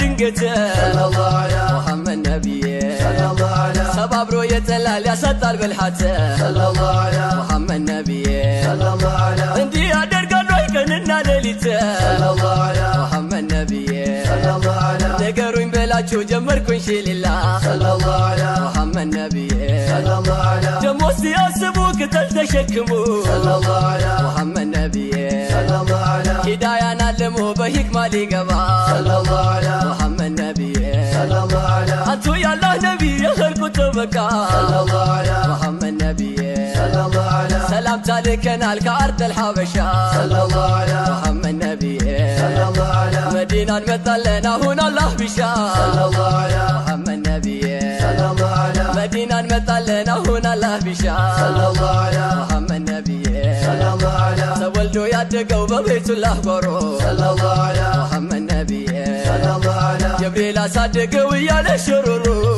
ድንገተ ሙሐመድ ነቢየ ሰባብሮ የተላል ያሳጣል ብልሓተ ሙሐመድ ነቢየ እንዲህ ያደርጋሉ አይቀንና ሌሊተ ሙሐመድ ነቢየ ነገሩኝ በላችሁ ጀመርኩኝ ሽሊላ ሙሐመድ ነቢየ ደሞ ሲያስቡ ቅጠል ተሸክሙ ሙሐመድ ነቢየ ሂዳያን አለሞ በሂክማ ሊገባ صلوا يا الله نبي يا خير كتبك صلى الله على محمد نبي صلى الله على سلام تالك انا أرض الحبشة صلى الله على محمد نبي صلى الله على مدينة مثلنا هنا الله بشا صلى الله على محمد نبي صلى الله على مدينة مثلنا هنا الله بشا صلى الله على محمد نبي صلى الله على تولدوا يا دقوا ببيت الله برو صلى الله على محمد النبي صلى الله ጀብሬ ላሳደገው እያለ ሸሮሮ